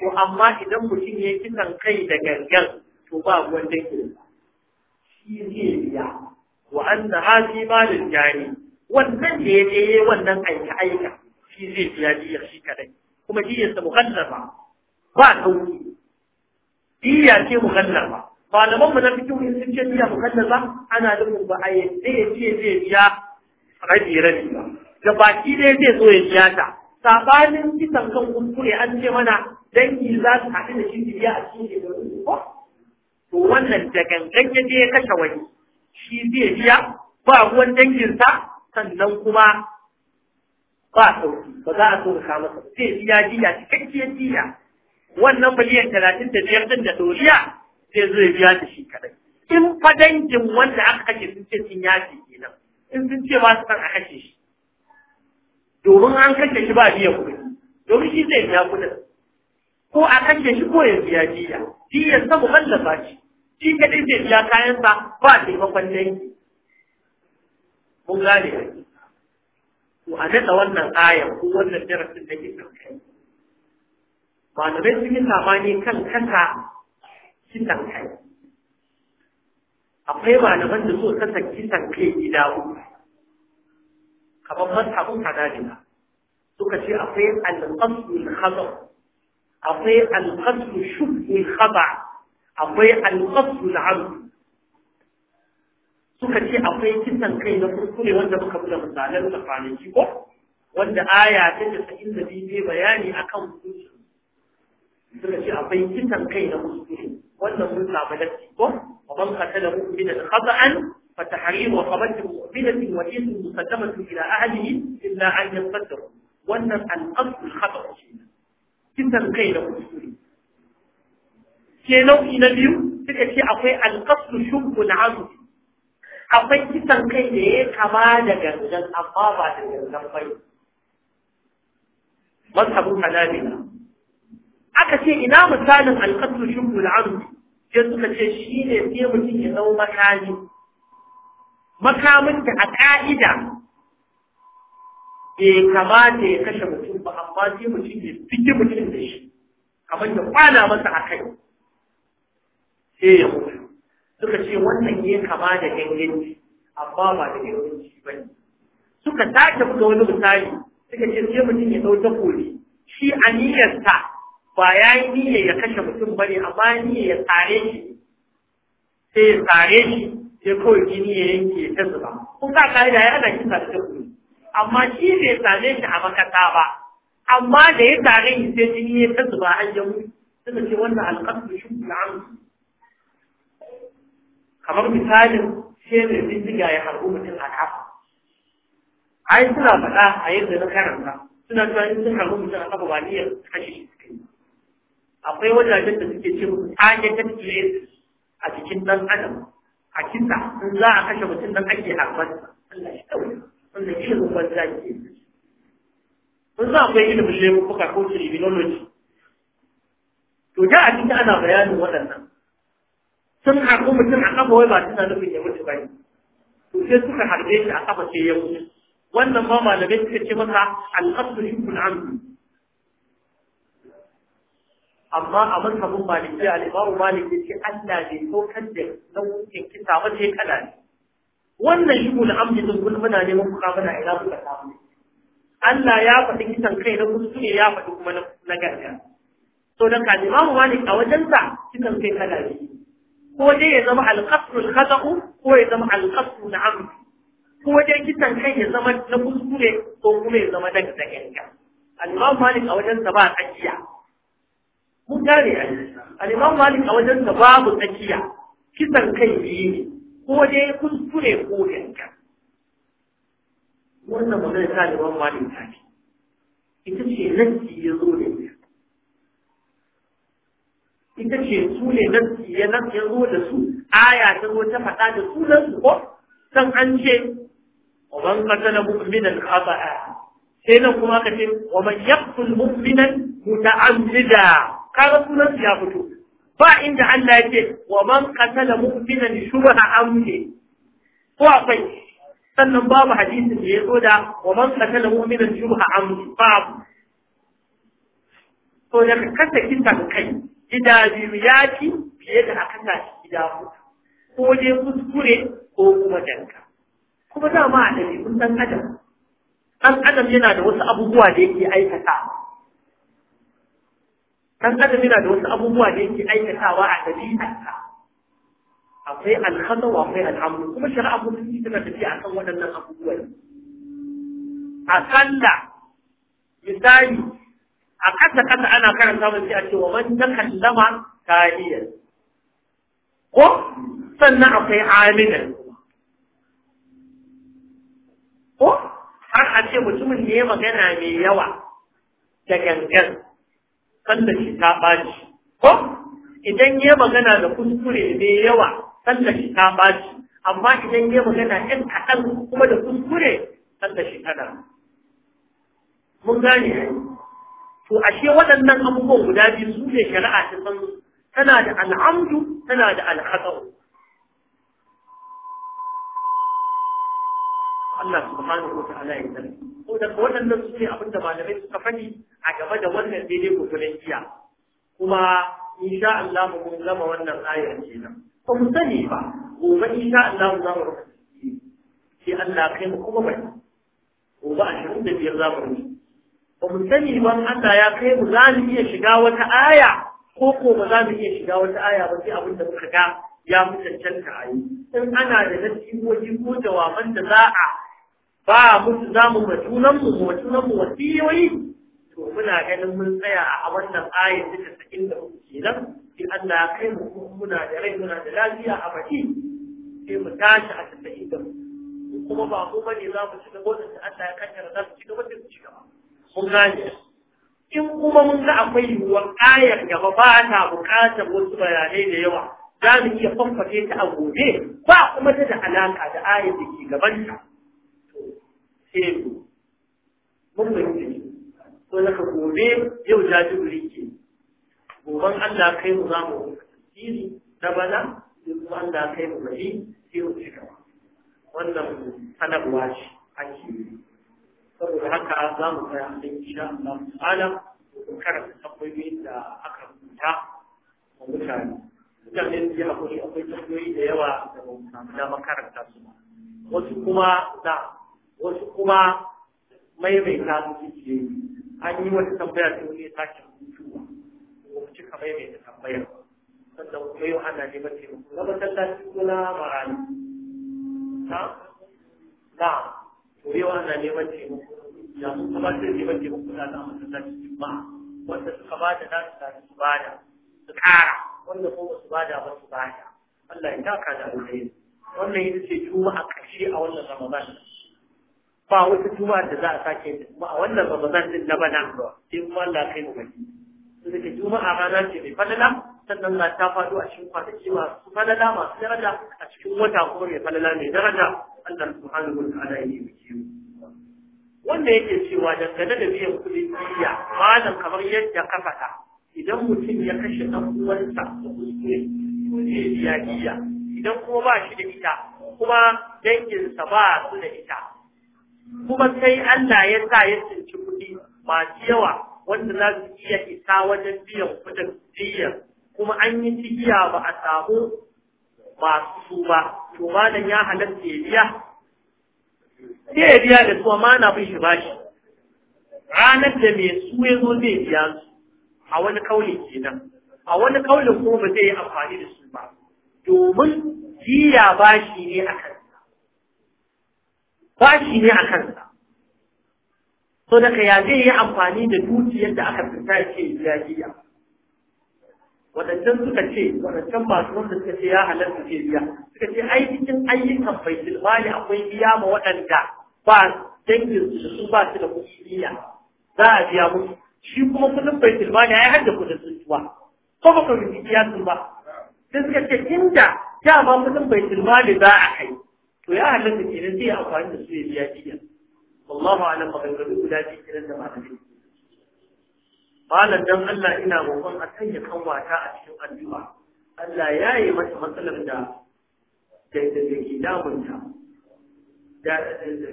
to amma idan mutum ya kisan kai da gangan to ba wanda ke shi zai biya wa anna hafi da jari wannan da ya je wannan aika aika shi zai biya diyar shi kadai kuma diyarsa mukallafa ba sauki diya ce mukallafa malaman mu na fikihu sun ce biya mukallaza ana nufin ba a yadda ya ce zai biya rabi rabi ba da baki dai zai zo ya biya ta sabanin kisan kan kuskure an ce mana dangi za su haɗu da shi biya a cikin shekaru ko to wannan da gangan ya je ya kashe wani shi zai biya ba ruwan danginsa sannan kuma ba sauki ba za a so ka masa zai biya jiya cikakkiyar jiya wannan miliyan talatin da biyar ɗin da doriya sai zai biya ta shi kadai in fa dangin wanda aka kashe sun ce sun yaki kenan in sun ce ba su san a kashe shi domin an kashe shi ba biya kuɗi domin shi zai biya kuɗin ko a kashe shi ko ya biya biya biya sabu wallafa shi shi kadai zai biya kayan sa ba taimakon dangi mun gane ne to a daɗa wannan aya ko wannan darasin da ke kai malamai sun yi samani kan kasa kisan kai akwai ban da so kasa kisan kai gida uku kamar mazhabin ba. suka ce akwai al-qasdul khata' akwai al-qasdul shubhul khata' akwai al-qasdul 'amd suka ce akwai kisan kai na kurkure wanda muka buga misalan da kwanaki ko wanda aya ta tasa'in da biyu ne bayani akan kuskure suka ce akwai kisan kai na kuskure wannan mun samu lafi ko wa man qatala mu'minan khata'an fa tahrimu qabati mu'minatin wa ismun musaddamatun ila ahlihi illa an yasaddaqa wannan al-asl khata' kisan kai da kuskure ke nau'i na biyu suka ce akwai al-qasl shubun azu akwai kisan kai da ya kama da gargan amma ba da gargan bai mazhabun hanabila aka ce ina misalin alƙasar shubul arzu sai suka ce shi ne sai mutum ya zama makami makamin da a ƙa'ida bai kamata ya kashe mutum ba amma sai mutum ya fiye mutum da shi kamar da kwana masa a kai sai ya mutu suka ce wannan ya kama da ganganci amma ba da ganganci ba ne suka sake buga wani misali suka ce sai mutum ya ɗau takobi shi aniyarsa ba ya yi niyyar ya kashe mutum bane amma niyyar ya tsare shi sai ya tsare shi sai kawai jini ya yanke ta zuba kun sa ka'ida ya ana kisa da kuɗi amma shi bai same shi a makasa ba amma da ya tsare shi sai jini ya ta zuba an jamu suka ce wannan alƙasar shi na amsu kamar misalin sai mai bindiga ya harbu mutum a kafa ai suna faɗa a yadda na karanta suna cewa in sun harbu mutum a kafa ba niyyar kashe shi suka yi akwai wajajen da suke ce musu targeted place a cikin dan adam a kisa in za a kashe mutum dan ake harbar Allah shi kawai wanda ilimin banza ke Mun za akwai ilimin laifuka ko criminology to da a cikin ana bayanin waɗannan sun harbi mutum a ƙafa wai ba tana nufin ya mutu bane to sai suka harbe shi a ƙafa sai ya mutu wannan ma malamai suka ce masa al-qasdu yunkun amdu amma a mazhabin maliki al-imamu maliki ce Allah ne saukar da nau'in kisa ba sai kana ne wannan shi mun amji din kun muna neman kuka muna ina kuka samu Allah ya faɗi kisan kai na kuskure ya faɗi kuma na gaskiya to dan ka imamu maliki a wajen sa kisan kai kana ne ko dai ya zama al-qasr al-khata'u ko ya zama al-qasr na'am ko dai kisan kai ya zama na kuskure ko kuma ya zama daga daga al-imamu malik a wajen sa ba tsakiya mun gane a al-imam malik a wajen da babu tsakiya kisan kai biyu ne ko dai ture ko yanka wannan magana ta al-imam malik ta ce ita ce nan ya zo da ita ce su ne nan ya nassi ya zo da su aya ta zo ta faɗa da su nan su ko san an ce ومن قتل مؤمنا خطأ sai nan kuma ka ce wa man yaqtul mu'minan muta'ammida kaga sunan ya fito ba inda Allah yake wa man qatala mu'minan shubha amne ko akwai sannan babu hadisin da ya da wa man qatala mu'minan shubha amne babu to da kasa da kai gida biyu ya ci fiye da aka tashi gida hutu ko dai kuskure ko kuma danka kuma dama a ɗabi'un ɗan adam ɗan adam yana da wasu abubuwa da yake aikata kan adam yana da wasu abubuwa da yake aikatawa a dabi'arsa akwai alkhata wa akwai al'amru kuma shari'a musulunci tana tafiya kan waɗannan abubuwa a sallah misali a kasa kasa ana karanta mun sai a ce wa man takallama tahiyan ko sannan akwai aminan ko har a ce mutumin ne magana mai yawa da gangan sanda shi ta ɓaci ko idan ya magana da kuskure ne yawa sanda shi ta ɓaci amma idan ya magana ɗan kaɗan kuma da kuskure sanda shi tana mun gane to ashe waɗannan abubuwan guda biyu su ne shari'a ta san tana da al'amdu tana da al'asau Allah subhanahu wa ta'ala ya tsare ko da waɗannan su ne abin da malamai suka faɗi a game da wannan daidai gudunan giya kuma insha Allah mun zama wannan ayar kenan ba mu sani ba gobe insha Allah za mu rufe sai Allah kai mu kuma bai gobe shirin da biyar za mu rufe ba mu sani ba Allah ya kai mu za mu iya shiga wata aya ko ko ba za mu iya shiga wata aya ba sai abin da muka ga ya fi cancanta a yi in ana da nasihohi ko jawaban da za a ba mu za mu ba junan mu ba junan mu wasiyoyi to muna ganin mun tsaya a wannan ayin da ta sakin da muke nan? sai Allah ya kai mu kuma muna da rai muna da lafiya a baki sai mu tashi a tafi da mu kuma ba mu bane za mu ci gaba da Allah ya kanta da mu ci gaba da mu ci gaba mun gane in kuma mun ga akwai yiwuwar ayar gaba ba ta buƙatar wasu bayanai da yawa za mu iya fanfake ta a gobe ba kuma ta da alaƙa da ayar da ke gabanta. sai mun mun bayyana to naka gobe yau ta ji wuri ke goban Allah kai mu za mu tiri na bana sai kuma Allah kai mu bari sai mu shiga wannan sanarwa shi ake saboda haka za mu kai hannun insha Allah ko mu karanta tambayoyin da aka rubuta wa mutane mutane ji akwai akwai tambayoyi da yawa da ba mu samu dama karanta su ba wasu kuma za wasu kuma maimaita su suke yi an yi wata tambaya ta wani ta ce mutuwa. ko mu cika maimaita tambayar sannan kuma yau ana neman taimako na masallaci ko na marani na na to yau ana neman taimako ya su kuma neman taimako na da masallaci juma'a wanda suka ba da nasu da su ba da su ƙara wanda kuma su ba da ba su ba da Allah ya taka da alheri wannan ita ce a ƙarshe a wannan ramadan ba wata juma'a da za a sake yi kuma a wannan ramadan din na bana sai kuma Allah kai mu baki su juma'a rana ce mai falala sannan na ta faɗo a cikin kwanaki masu falala masu daraja a cikin wata kuma mai falala mai daraja Allah subhanahu wa ta'ala ya yi biki wanda yake cewa dangane da biyan kuɗin jiya malam kamar yadda ka faɗa idan mutum ya kashe ɗan uwansa da kuskure to zai biya jiya idan kuma ba shi da ita kuma danginsa ba su da ita kuma sai Allah ya sa ya cinci kuɗi masu yawa wanda za su iya isa wajen biyan kuɗin biyan kuma an yi tijiya ba a samu masu su ba to malam ya halatta ya biya sai ya biya da su amma na bin shi bashi ranar da mai su ya zo zai biya su a wani kauli kenan a wani kaulin kuma ba zai yi amfani da su ba domin jiya bashi ne a kan bashi ne a kansa so daga ya zai yi amfani da dukiyar da aka fita ce jahiliya wadancan suka ce wadancan masu wanda suka ce ya halatta ce biya suka ce ai cikin ayyukan baitul mali akwai biya ma waɗanda ba dangin su su ba su da kuɗi biya za a biya musu shi kuma kuɗin baitul mali ai har da kuɗin tsuntuwa ko ba ka rubuci ya ba sai suka ce inda dama kuɗin baitul mali za a kai to ya halatta kenan zai ya amfani da su ya biya jiya wallahu alam maganganu guda biyu kiran da mata ne malam dan Allah ina roƙon a sanya wata a cikin addu'a Allah ya yi mata matsalar da da da ke damunta da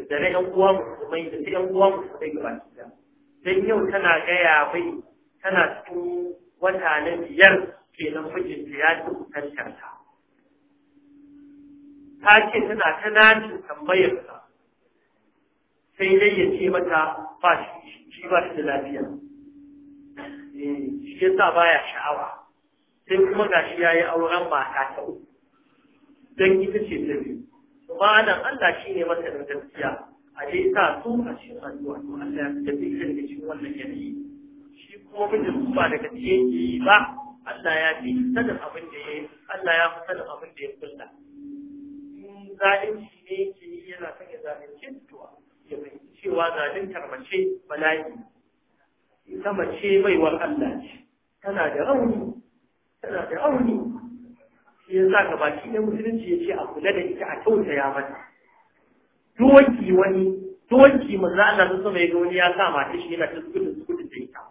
da na ƴan uwa musulmai da ta ƴan uwa musulmai gaba ɗaya dan yau tana gaya bai tana cikin wata na biyar kenan mijinta ya ci kusantar ta ta ce tana ta tambayar tambayarsa sai dai ya ce mata ba shi ba shi da lafiya eh, shi ya sa baya sha'awa sai kuma ga shi ya yi auren mata ta uku don ita ce ta biyu kuma nan Allah shi ne masa da gaskiya a dai sa su a a addu'a to Allah ya tafi shi daga cikin wannan yanayi shi kuma mijin ba daga cikin yi ba Allah ya fi sanin abin da ya yi Allah ya fi sanin abin da ya kulla in zalunci ne yake yi yana son ya zalunci mutuwa ya fahimci cewa zaluntar mace bala'i ita mace baiwar Allah ce tana da rauni tana da rauni shi ya sa ga baki ɗaya musulunci ya ce a kula da ita a tausaya mata doki wani doki manzo Allah sun sama ya ga wani ya sa mata shi yana ta tsukudin da ita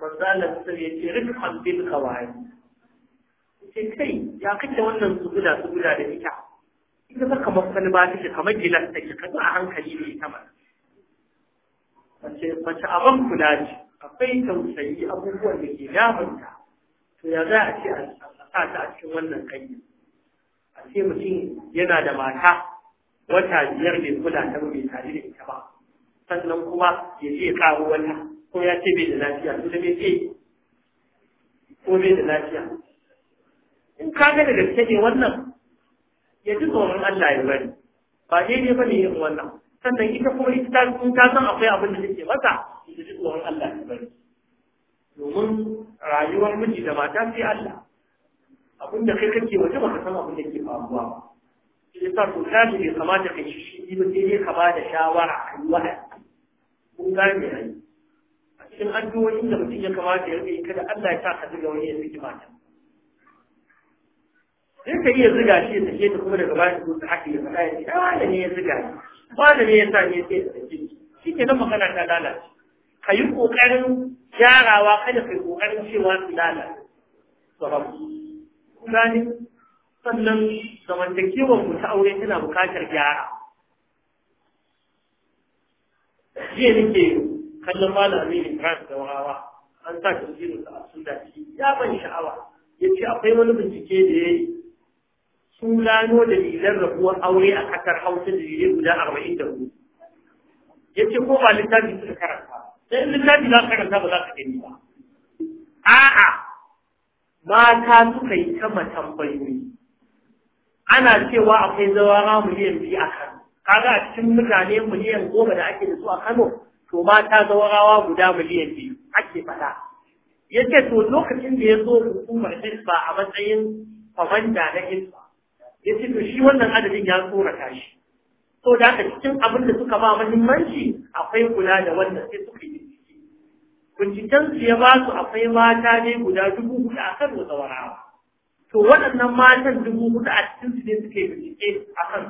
manzo Allah sun sama ya ce rikhan bil kawai ce kai ya kace wannan tsuguda tsuguda da ita ita ta kamar wani ma take kamar gilas take kasa a hankali ne ita ba. mace a ban kula ce akwai tausayi abubuwan da ke damunta to ya za a ce a sa ta a cikin wannan kanyi a ce mutum yana da mata wata biyar mai kula ta bai tare da ita ba sannan kuma ya ya kawo wannan. ko ya ce bai da lafiya to da bai ce ko bai da lafiya in ka ga da take wannan ya ji tsoron Allah ya bari ba daidai ba ne yin wannan sannan ita kuma ita ta ta san akwai abin da take masa ya ji tsoron Allah ya bari domin rayuwar miji da mata sai Allah abin da kai kake waje ka san abin da ke faruwa ba shi ta to ta bai kamata ka yi shi ba sai dai ka ba da shawara a yi wa'azi kun gane ai a cikin addu'o'in da mutum ya kamata ya rike kada Allah ya sa ka zuga wani ya saki mata sai ka iya ziga shi ya sake ta kuma daga bayan su haka ya faɗa ya ce wanda ne ya ziga shi wanda ne ya sa ne sai ya sake shi ke nan magana ta lalace ka yi ƙoƙarin gyarawa kada ka yi ƙoƙarin cewa su lalace sabab gani sannan zamantakewar mu ta aure tana buƙatar gyara jiya nake kallon malamin Ibrahim da wawa an sa tafsirin da a sun ya ban sha'awa ya ce akwai wani bincike da ya sun gano dalilan rabuwar aure a ƙasar hausa dalilai guda arba'in da hudu ya ce ko ba littafi suka karanta sai littafi za karanta ba za ka gani ba a'a mata suka yi kama tambayoyi ana cewa akwai zawara miliyan biyu a Kano kaga a cikin mutane miliyan goma da ake da su a Kano to mata zawarawa guda miliyan biyu ake Ya ce to lokacin da ya zo hukumar Hisba a matsayin kwamanda na Hisba ya ce to shi wannan adadin ya tsorata shi to da haka cikin abin da suka ba muhimmanci akwai kula da wannan sai suka yi binciken su ya ba su akwai mata ne guda dubu hudu a kan zawarawa to waɗannan matan dubu hudu a cikin su ne suka yi bincike a kan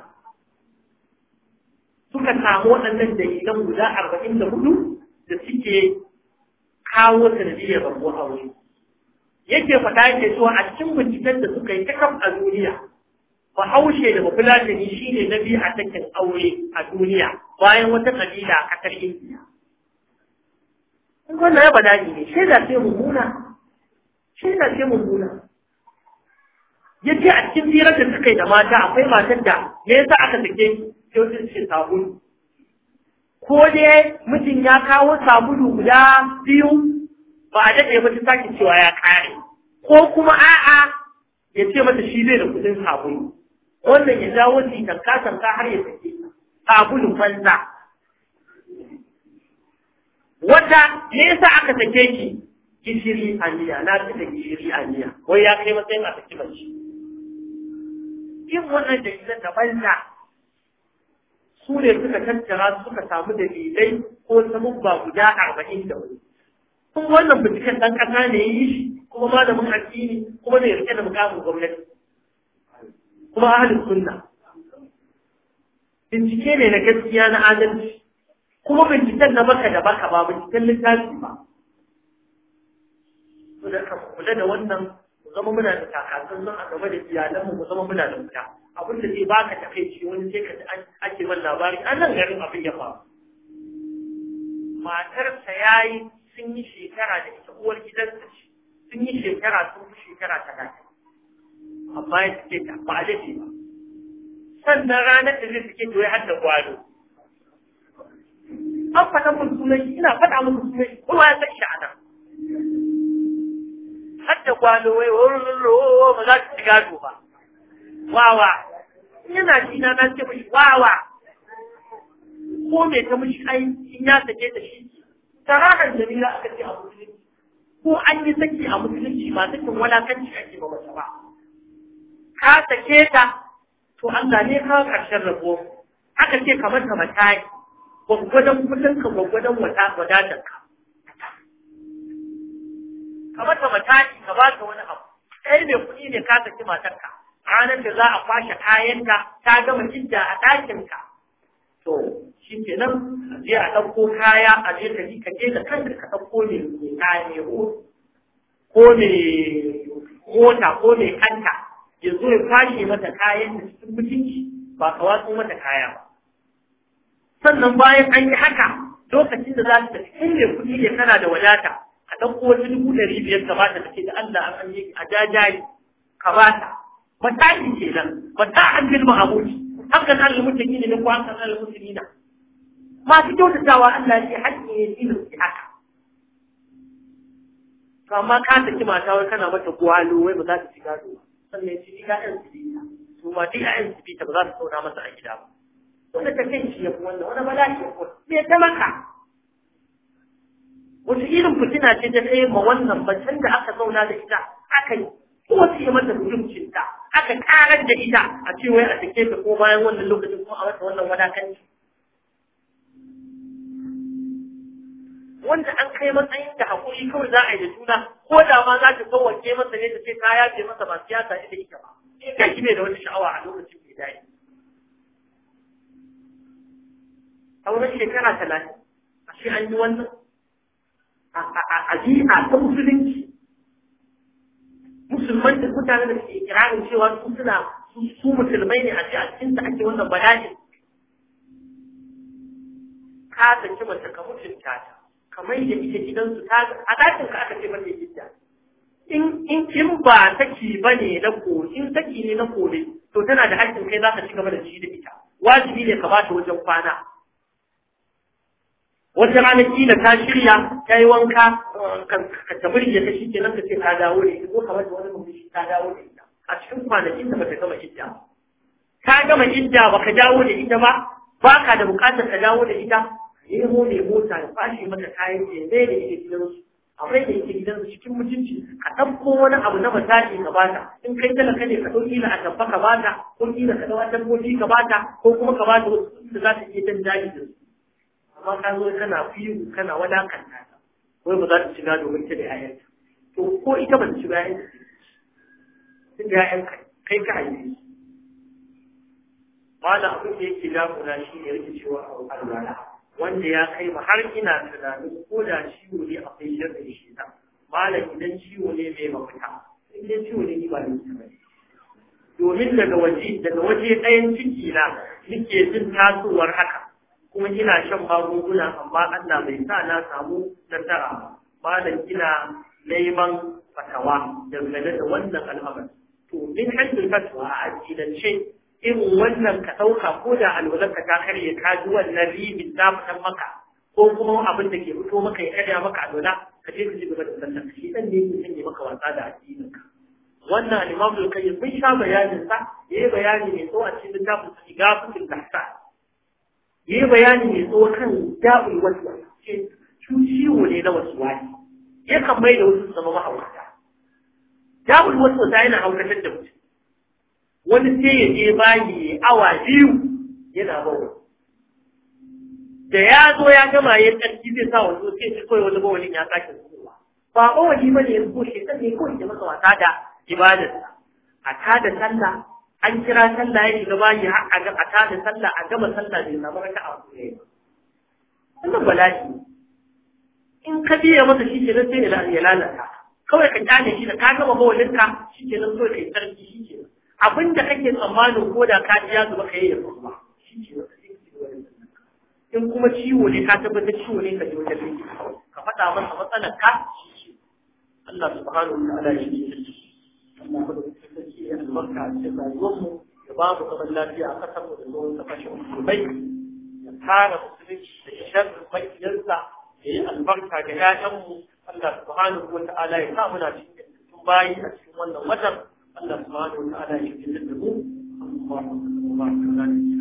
suka samu waɗannan dalilan guda arba'in da hudu da suke kawo sanadiyyar rabuwa aure yake faɗa yake cewa a cikin binciken da suka yi ta kan a duniya bahaushe da bafulatani shi ne na biyu a sakin aure a duniya bayan wata kabila a ƙasar indiya Kuma ya bada ne da ce mummuna da ce mummuna ya ce a cikin zirar da suka yi da mata akwai matar da me yasa aka sake kyautin shi sabulu ko dai mijin ya kawo sabulu guda biyu ba a daɗe ba sake cewa ya ƙare ko kuma a'a ya ce mata shi zai da kuɗin sabulu wannan ya ja wannan tanka tanka har ya a sabulun banza wata me yasa aka sake ki gishiri aniya na ci da gishiri aniya wai ya kai matsayin a saki mace yin wannan dalilan da banza su ne suka tattara suka samu dalilai ko sabubba guda arba'in da wani kuma wannan binciken ɗan ƙasa ne ya yi shi kuma malamin addini kuma ne rike da mukamin gwamnati kuma ahalin sunna bincike ne na gaskiya na adalci kuma binciken na baka da baka ba binciken littafi ba su da ka kula da wannan mu zama muna da takasan nan a gaba da iyalanmu mu zama muna da wuta abin da zai baka ta takaici wani sai ka ake man labari an nan garin abin ya faru matarsa ya yi sun yi shekara da ita uwar gidansa sun yi shekara sun fi shekara talatin amma ya ce ta ba a dace ba sannan ranar da zai suke doya har da kwano. an faɗa mun sunan shi ina faɗa mun sunan shi kuma ya san shi a nan har da gwado wai wurururu ba za su ci gado ba wawa yana shi na na ce mashi wawa ko me ta mashi ai in ya sake ta shi tarakan jamila aka ce a musulunci ko an yi saki a musulunci ba sakin walakanci ake ba mata ba ka sake ta to Allah ne ka ƙarshen rabo aka ce ka mata matai gwaggwadon kudin ka gwaggwadon wadatar ka ka mata matai ka ba ta wani abu Ɗaya mai kuɗi ne ka matar ka ranar da za a kwashe ka ta gama idda a ɗakinka to shi ke nan a je a ɗauko kaya a je ka ji ka je da kanka ka ɗauko ne mai kaya ne ko mai mota ko mai kanta ya zo ya kwashe mata kayan da cikin mutunci ba ka watsu mata kaya ba sannan bayan an yi haka lokacin da za ta tafi in da kuɗi ne tana da wadata a ɗauko wata dubu ɗari biyar ka bata take da Allah an yi a jajaye ka bata matashi kenan mata an bil ma'amuci hakan al-mutaki ne ko hakan al-muslimina masu kyautatawa Allah ne haƙƙi ne shi ne haka to amma ka saki mata wai kana mata gwalo wai ba za ta shiga ruwa sannan shi ƴaƴan su bita su ma duk ƴaƴan su bita ba za su zauna masa a gida ba wanda ta kan shi ya fi wannan wani bala'i ya fi me ta maka wata irin fitina ce ta tsaye ma wannan macen da aka zauna da ita aka yi ko su kowace mata mutuncinta aka karar da ita a cewa a take ta ko bayan wannan lokacin ko a mata wannan wadatanci wanda an kai matsayin da haƙuri kawai za a yi da juna ko da ma za ta ke masa ne ta ce ta yafe masa ba siyasa ita ita ba ga shi ne da wata sha'awa a lokacin mai A wani shekara talatin a shi an yi wannan a a ta musulunci musulman da mutane da ke kirarin cewa su suna su musulmai ne a ce a cikin da ake wannan bayanin ka ki mace ka mutunta ta kamar da ita gidansu ta a dakin ka aka ce mata gidda in in kin ba saki bane na ko in saki ne na kore to tana da haƙƙin kai za ka ci gaba da shi da ita wajibi ne ka ba ta wajen kwana wata rana kila ta shirya ta yi wanka ka ta burge ta shi nan ka ce ta dawo ne ko kamar da wani mutum shi ta dawo ne a cikin kwanakin da bata gama idda ka gama ba baka dawo da ita ba baka da bukatar ka dawo da ita nemo ne mota ya fashi mata kayan jere da yake gidansu akwai da yake gidansu cikin mutunci ka ɗauko wani abu na matashi ka bata in kai talaka ne ka ɗau kila a tabba ka bata ko kila ka ɗau dabbobi ka bata ko kuma ka bata wasu da za ta iya dan jari da su amma ka zo kana fiyu kana wadakanta ta wai ba za ta shiga domin ta da 'ya'yanta to ko ita ba ta shiga ta sun da 'ya'yanka kai ka haife su. Mala abin da yake damuna shi ne rikicewa a alwala. wanda ya kai ma har ina tunanin ko da ciwo ne a kai da shi ta malam idan ciwo ne mai mafita idan ciwo ne ba ni ta domin daga waje daga waje ɗayan ciki na nake jin tasowar haka kuma ina shan magunguna amma Allah bai sa na samu tattara, malam ina neman fatawa dangane da wannan al'amari to min haddin fatwa a addinance In wannan ka ɗauka ko da alwalarka ta karye ka ji wannan ribin ta fitan maka ko kuma abin da ke fito maka ya karya maka alwala ka je ka ji gaba da sallar shi dan ne yake sanya maka wasa da addinin ka. wannan al-imam al-qayyim mun sha bayanin sa yayi bayani mai to a cikin littafin da lahsa yayi bayani mai to kan da'ul wasu ce ciwo ne na waswasi Ya mai da wasu zama mahaukata wasu sai na hauratar da mutum wani sai ya je bayi awa biyu yana bawa da ya zo ya gama ya tsarki zai sa wani sai shi kawai wani bawalin ya sake zuwa ba bawali ba ne zuwa shi ta ne kawai da masa wasa da ibadarsa a da sallah an kira sallah ya shiga bayi a tada sallah a gama sallah da yana ta a kuɗe wannan bala'i in ka biya masa shi kenan sai ya lalata kawai ka kyale shi da ka gama bawalinka shi nan kawai yi tsarki shi nan abin da kake tsammanin ko da ka ji ya zuba kai ya zuba in kuma ciwo ne ka tabbatar ciwo ne ka je wajen likita ka faɗa masa matsalar ka Allah subhanahu wa ta'ala ya yi Allah ya yi albarka a cikin rayuwarmu ya ba mu zaman lafiya a ƙasar mu da zuwan kasashen musulmai ya tara musulunci da sharrin makiyarsa ya yi albarka ga 'ya'yanmu Allah subhanahu wa ta'ala ya sa muna cikin bayi a cikin wannan watan Allah subhanahu wa ta'ala ya yi da mu Allah subhanahu wa ta'ala